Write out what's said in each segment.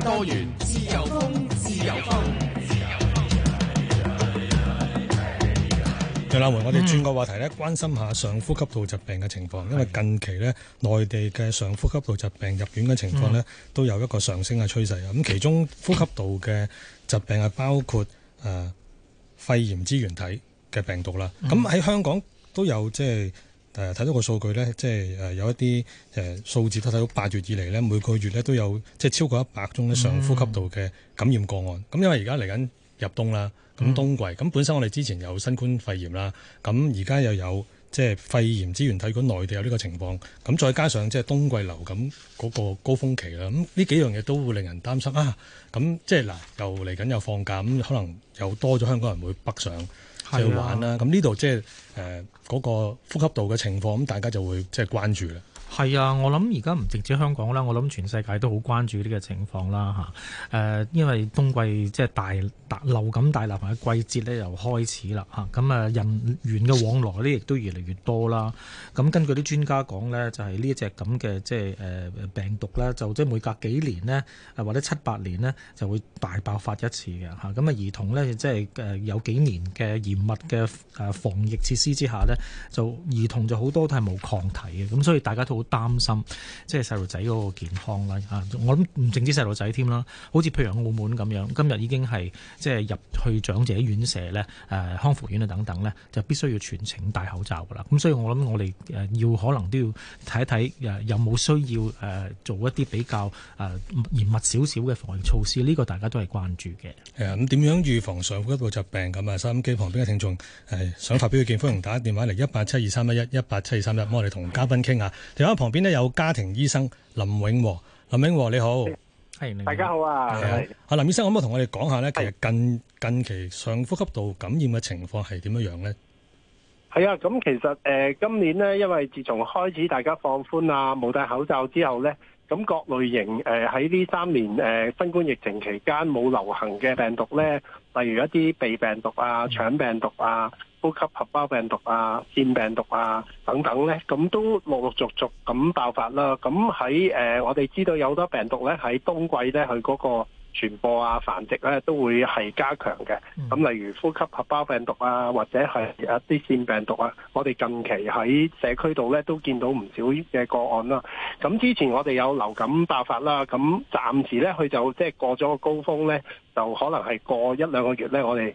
多元自由風，自由風，自由風。對喇我哋轉個話題咧，關心下上呼吸道疾病嘅情況，因為近期呢，內地嘅上呼吸道疾病入院嘅情況呢，都有一個上升嘅趨勢啊。咁其中呼吸道嘅疾病係包括誒、呃、肺炎支原體嘅病毒啦。咁喺、嗯、香港都有即係。誒睇到個數據咧，即係有一啲數字，都睇到八月以嚟咧，每個月咧都有即係超過一百宗咧上呼吸道嘅感染個案。咁、嗯、因為而家嚟緊入冬啦，咁冬季咁、嗯、本身我哋之前有新冠肺炎啦，咁而家又有即係肺炎支原體睇管內地有呢個情況，咁再加上即係冬季流感嗰個高峰期啦，咁呢幾樣嘢都會令人擔心啊！咁即係嗱，又嚟緊又放假，咁可能又多咗香港人會北上。啊、去玩就玩、是、啦，咁呢度即係誒嗰個呼吸道嘅情況，咁大家就會即係關注啦。係啊，我諗而家唔淨止香港啦，我諗全世界都好關注呢個情況啦嚇。誒、呃，因為冬季即係大大流感大流行嘅季節咧，又開始啦嚇。咁啊，人員嘅往來，也越來越、啊、呢，亦都越嚟越多啦。咁根據啲專家講咧，就係呢一隻咁嘅即係誒病毒咧，就即係每隔幾年咧，或者七八年呢，就會大爆發一次嘅嚇。咁啊，兒童咧即係誒有幾年嘅嚴密嘅誒防疫設施之下呢，就兒童就好多都係無抗體嘅，咁、啊、所以大家都。好擔心，即係細路仔嗰個健康啦嚇、啊！我諗唔淨止細路仔添啦，好似譬如澳門咁樣，今日已經係即係入去長者院舍咧、誒、呃、康復院啊等等咧，就必須要全程戴口罩㗎啦。咁所以我諗我哋誒要可能都要睇一睇誒、啊、有冇需要誒、啊、做一啲比較誒、啊、嚴密少少嘅防疫措施。呢、這個大家都係關注嘅。係啊，咁點樣預防上呼吸道疾病？咁啊，收音機旁邊嘅聽眾係想發表嘅見， 歡迎打電話嚟一八七二三一一一八七二三一，幫我哋同嘉賓傾下。 咁旁邊呢有家庭醫生林永和，林永和你好。係，大家好啊，係啊的，的林醫生可唔可以同我哋講下咧？其實近的近期上呼吸道感染嘅情況係點樣樣咧？係啊，咁其實誒、呃，今年咧，因為自從開始大家放寬啊，冇戴口罩之後咧，咁各類型誒喺呢三年誒、呃，新冠疫情期間冇流行嘅病毒咧，例如一啲鼻病毒啊、腸病毒啊。呼吸合胞病毒啊、腺病毒啊等等咧，咁都陸陸續續咁爆發啦。咁喺誒，我哋知道有好多病毒咧喺冬季咧，佢嗰個傳播啊、繁殖咧、啊，都會係加強嘅。咁例如呼吸合胞病毒啊，或者係一啲腺病毒啊，我哋近期喺社區度咧都見到唔少嘅個案啦。咁之前我哋有流感爆發啦，咁暫時咧佢就即係過咗個高峰咧，就可能係過一兩個月咧，我哋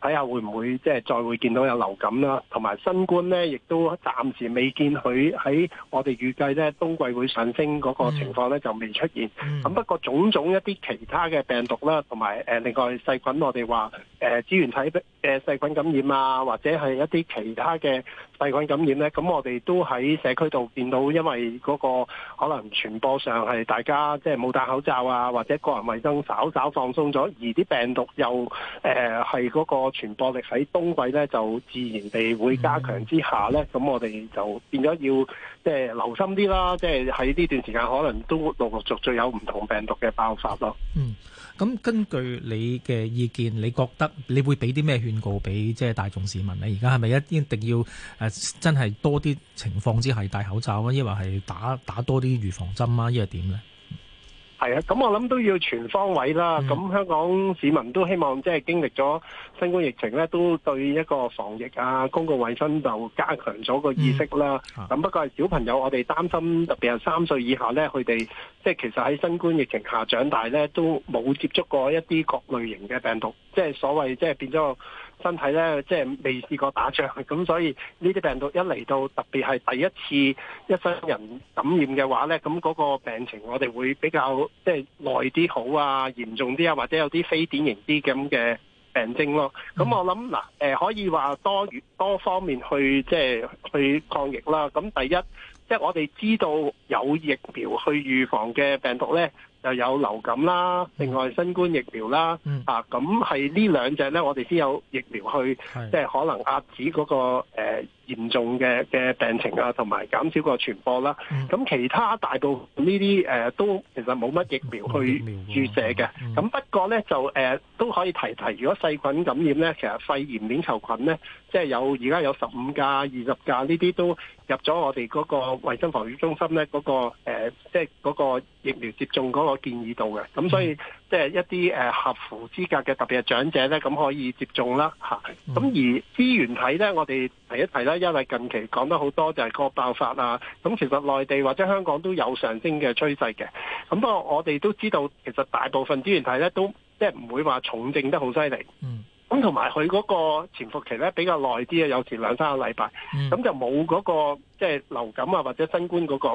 睇下會唔會即係再會見到有流感啦，同埋新冠咧，亦都暫時未見佢喺我哋預計咧冬季會上升嗰個情況咧就未出現。咁、嗯、不過種種一啲其他嘅病毒啦，同埋誒另外細菌，我哋話誒支原體嘅細菌感染啊，或者係一啲其他嘅細菌感染咧，咁我哋都喺社區度見到，因為嗰個可能傳播上係大家即係冇戴口罩啊，或者個人衞生稍稍放鬆咗，而啲病毒又誒係、呃嗰個傳播力喺冬季咧就自然地會加強之下咧，咁、嗯、我哋就變咗要即係留心啲啦，即係喺呢段時間可能都陸陸續續有唔同病毒嘅爆發咯。嗯，咁根據你嘅意見，你覺得你會俾啲咩勸告俾即係大眾市民呢？而家係咪一一定要誒真係多啲情況之下戴口罩啊？抑或係打打多啲預防針啊？依個點咧？係啊，咁我諗都要全方位啦。咁、嗯、香港市民都希望即係、就是、經歷咗新冠疫情咧，都對一個防疫啊、公共衞生就加強咗個意識啦。咁、嗯、不過係小朋友，我哋擔心特別係三歲以下咧，佢哋即係其實喺新冠疫情下長大咧，都冇接觸過一啲各類型嘅病毒，即、就、係、是、所謂即係、就是、變咗。身體咧，即係未試過打仗，咁所以呢啲病毒一嚟到，特別係第一次一生人感染嘅話咧，咁嗰個病情我哋會比較即係耐啲好啊，嚴重啲啊，或者有啲非典型啲咁嘅病徵咯。咁我諗嗱，誒可以話多多方面去即係去抗疫啦。咁第一，即係我哋知道有疫苗去預防嘅病毒咧。又有流感啦，另外新冠疫苗啦，嗯、啊咁係呢兩隻咧，我哋先有疫苗去，是即係可能壓止嗰、那個誒、呃、嚴重嘅嘅病情啊，同埋減少個傳播啦。咁、嗯、其他大部分呢啲誒都其實冇乜疫苗去注射嘅。咁不過咧就誒、呃、都可以提提，如果細菌感染咧，其實肺炎鏈球菌咧，即係有而家有十五價、二十價呢啲都。入咗我哋嗰個衞生防疫中心咧，嗰、個誒即係嗰個疫苗接種嗰個建議度嘅，咁所以即係一啲誒合符資格嘅特別係長者咧，咁可以接種啦，咁、嗯、而支原體咧，我哋提一提啦，因為近期講得好多就係個爆發啊，咁其實內地或者香港都有上升嘅趨勢嘅。咁不過我哋都知道，其實大部分支原體咧都即係唔會話重症得好犀利。嗯咁同埋佢嗰個潛伏期咧比較耐啲啊，有前兩三個禮拜，咁、mm. 就冇嗰、那個即係、就是、流感啊或者新冠嗰個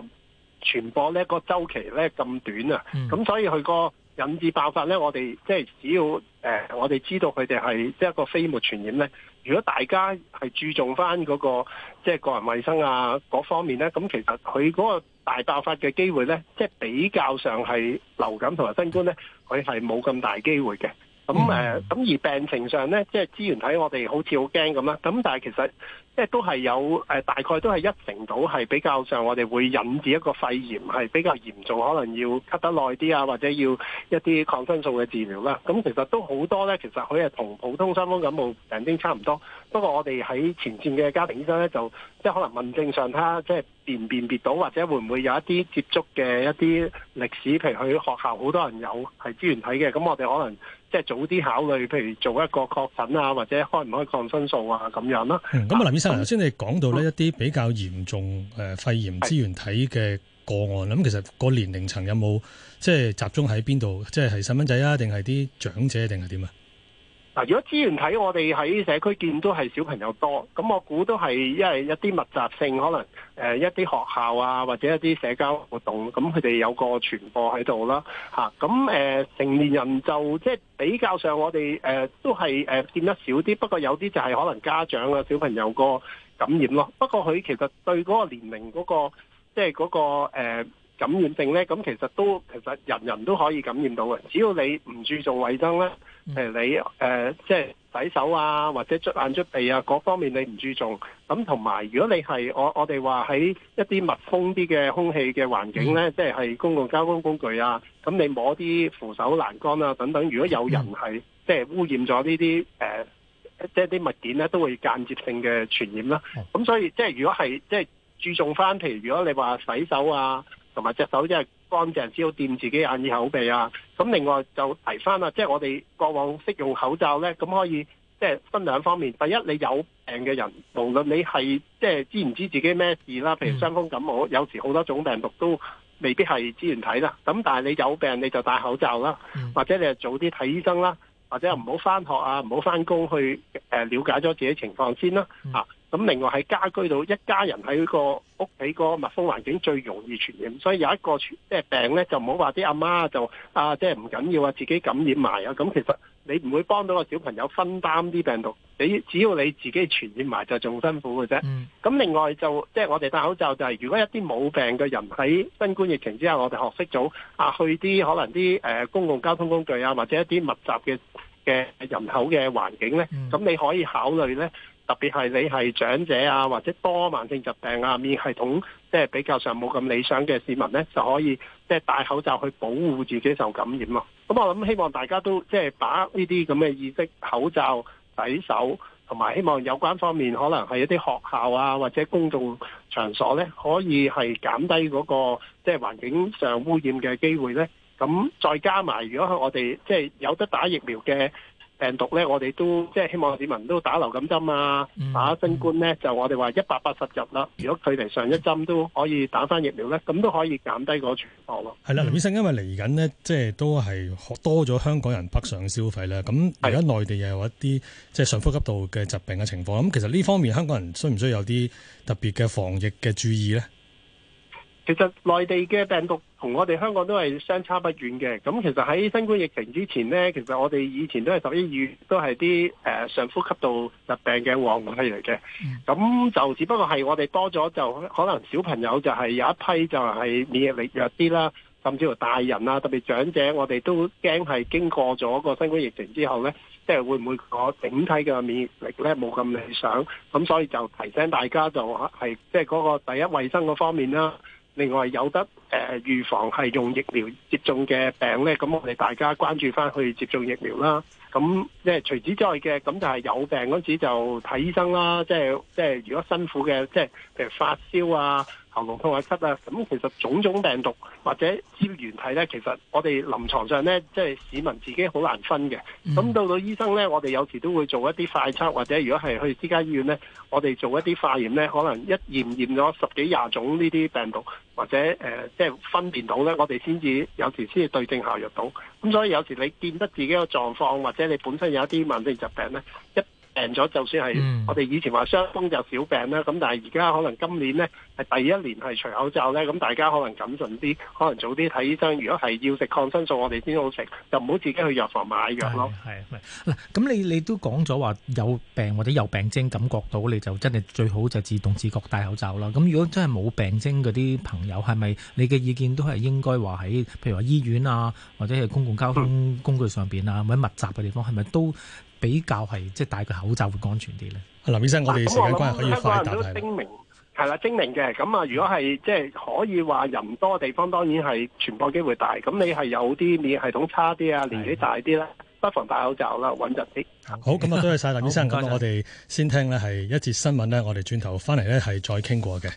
傳播咧、那個周期咧咁短啊，咁、mm. 所以佢個引致爆發咧，我哋即係只要誒、呃、我哋知道佢哋係即係一個飛沫傳染咧，如果大家係注重翻、那、嗰個即係、就是、個人衛生啊嗰方面咧，咁其實佢嗰個大爆發嘅機會咧，即、就、係、是、比較上係流感同埋新冠咧，佢係冇咁大機會嘅。咁誒，咁、呃、而病情上咧，即係支原體我，我哋好似好驚咁啦。咁但係其實即係都係有、呃、大概都係一成到係比較上，我哋會引致一個肺炎係比較嚴重，可能要咳得耐啲啊，或者要一啲抗生素嘅治療啦。咁其實都好多咧，其實佢係同普通傷風感冒病徵差唔多。不過我哋喺前線嘅家庭醫生咧，就即係可能問症上他即係辨唔辨別到，或者會唔會有一啲接觸嘅一啲歷史，譬如佢學校好多人有係支原體嘅，咁我哋可能。即係早啲考慮，譬如做一個確診啊，或者開唔開抗生素啊咁樣啦咁啊，嗯、林醫生頭先、嗯、你講到呢一啲比較嚴重誒肺炎支原體嘅個案啦。咁、嗯、其實個年齡層有冇即係集中喺邊度？即係係細蚊仔啊，定係啲長者，定係點啊？嗱，如果支原體，我哋喺社區見都係小朋友多，咁我估都係因為一啲密集性，可能誒一啲學校啊，或者一啲社交活動，咁佢哋有個傳播喺度啦，嚇。咁誒成年人就即係比較上我，我哋誒都係誒見得少啲，不過有啲就係可能家長啊，小朋友個感染咯。不過佢其實對嗰個年齡嗰、嗰個即係嗰個、呃感染症咧，咁其實都其實人人都可以感染到嘅，只要你唔注重衛生咧，誒你誒、呃、即係洗手啊，或者捽眼捽鼻啊，各方面你唔注重咁，同埋如果你係我我哋話喺一啲密封啲嘅空氣嘅環境咧，嗯、即係公共交通工具啊，咁你摸啲扶手欄杆啊等等，如果有人係、嗯、即係污染咗呢啲誒，即係啲物件咧，都會間接性嘅傳染啦、啊。咁、嗯、所以即係如果係即係注重翻，譬如如果你話洗手啊。同埋隻手即係乾淨，只好掂自己眼耳口鼻啊！咁另外就提翻啦，即係我哋過往識用口罩呢，咁可以即係分兩方面。第一，你有病嘅人，無論你係即係知唔知自己咩事啦，譬如傷風感冒，有時好多種病毒都未必係支原體啦。咁但係你有病你就戴口罩啦、mm.，或者你就早啲睇醫生啦，或者唔好翻學啊，唔好翻工去誒了解咗自己情況先啦、mm. 咁另外喺家居度，一家人喺個屋企個密封環境最容易傳染，所以有一個即係病咧，就唔好話啲阿媽就啊，即係唔緊要啊，自己感染埋啊。咁其實你唔會幫到個小朋友分擔啲病毒，你只要你自己傳染埋就仲辛苦嘅啫。咁、嗯、另外就即係我哋戴口罩就係、是，如果一啲冇病嘅人喺新冠疫情之下，我哋學識咗啊去啲可能啲誒公共交通工具啊，或者一啲密集嘅嘅人口嘅環境咧，咁你可以考慮咧。特別係你係長者啊，或者多慢性疾病啊，免疫系統即係、就是、比較上冇咁理想嘅市民呢，就可以即係戴口罩去保護自己受感染嘛。咁我諗希望大家都即係、就是、把握呢啲咁嘅意識，口罩、洗手，同埋希望有關方面可能係一啲學校啊，或者公眾場所呢，可以係減低嗰、那個即係、就是、環境上污染嘅機會呢。咁再加埋，如果係我哋即係有得打疫苗嘅。病毒呢，我哋都即係希望市民都打流感針啊，打新冠呢，就我哋話一百八十日啦。如果距離上一針都可以打翻疫苗呢，咁都可以減低個傳播咯。係啦，林醫生，因為嚟緊呢，即係都係多咗香港人北上消費啦。咁而家內地又有一啲即係上呼吸道嘅疾病嘅情況，咁其實呢方面，香港人需唔需要有啲特別嘅防疫嘅注意呢？其實內地嘅病毒同我哋香港都係相差不遠嘅。咁其實喺新冠疫情之前呢，其實我哋以前都係十一月都係啲誒上呼吸道疾病嘅旺季嚟嘅。咁就只不過係我哋多咗，就可能小朋友就係有一批就係免疫力弱啲啦，甚至乎大人啊，特別長者，我哋都驚係經過咗個新冠疫情之後呢，即係會唔會個整體嘅免疫力呢冇咁理想？咁所以就提醒大家就係即係嗰個第一衛生嘅方面啦。另外有得，誒預防係用疫苗接種嘅病呢，咁我哋大家關注翻去接種疫苗啦。咁即係除此之外嘅，咁就係有病嗰陣時就睇醫生啦。即係即係如果辛苦嘅，即係譬如發燒啊、喉嚨痛啊、咳啊，咁其實種種病毒或者支原體呢，其實我哋臨床上呢，即係市民自己好難分嘅。咁、嗯、到到醫生呢，我哋有時都會做一啲快測，或者如果係去私家醫院呢，我哋做一啲化驗呢，可能一驗驗咗十幾廿種呢啲病毒。或者誒，即係分辨到咧，我哋先至有時先至對症下藥到，咁所以有時你見得自己嘅狀況，或者你本身有一啲慢性疾病咧。病咗就算係，我哋以前話傷風就小病啦。咁、嗯、但係而家可能今年呢係第一年係除口罩呢。咁大家可能謹慎啲，可能早啲睇醫生。如果係要食抗生素，我哋先好食，就唔好自己去藥房買藥咯。係，嗱，咁你你都講咗話有病或者有病徵感覺到，你就真係最好就自動自覺戴口罩啦。咁如果真係冇病徵嗰啲朋友，係咪你嘅意見都係應該話喺譬如話醫院啊，或者係公共交通工具上面啊，或者密集嘅地方，係咪都？比較係即係戴個口罩會安全啲咧。啊，林醫生，我哋時間關係可以快啲答題。啊，香港人都精明係啦，精明嘅咁啊，如果係即係可以話人多地方當然係傳播機會大。咁你係有啲免疫系統差啲啊，年紀大啲咧，不妨戴口罩啦，穩陣啲。好，咁啊，多謝晒林醫生。咁 我哋先聽呢係一節新聞呢，我哋轉頭翻嚟咧，係再傾過嘅。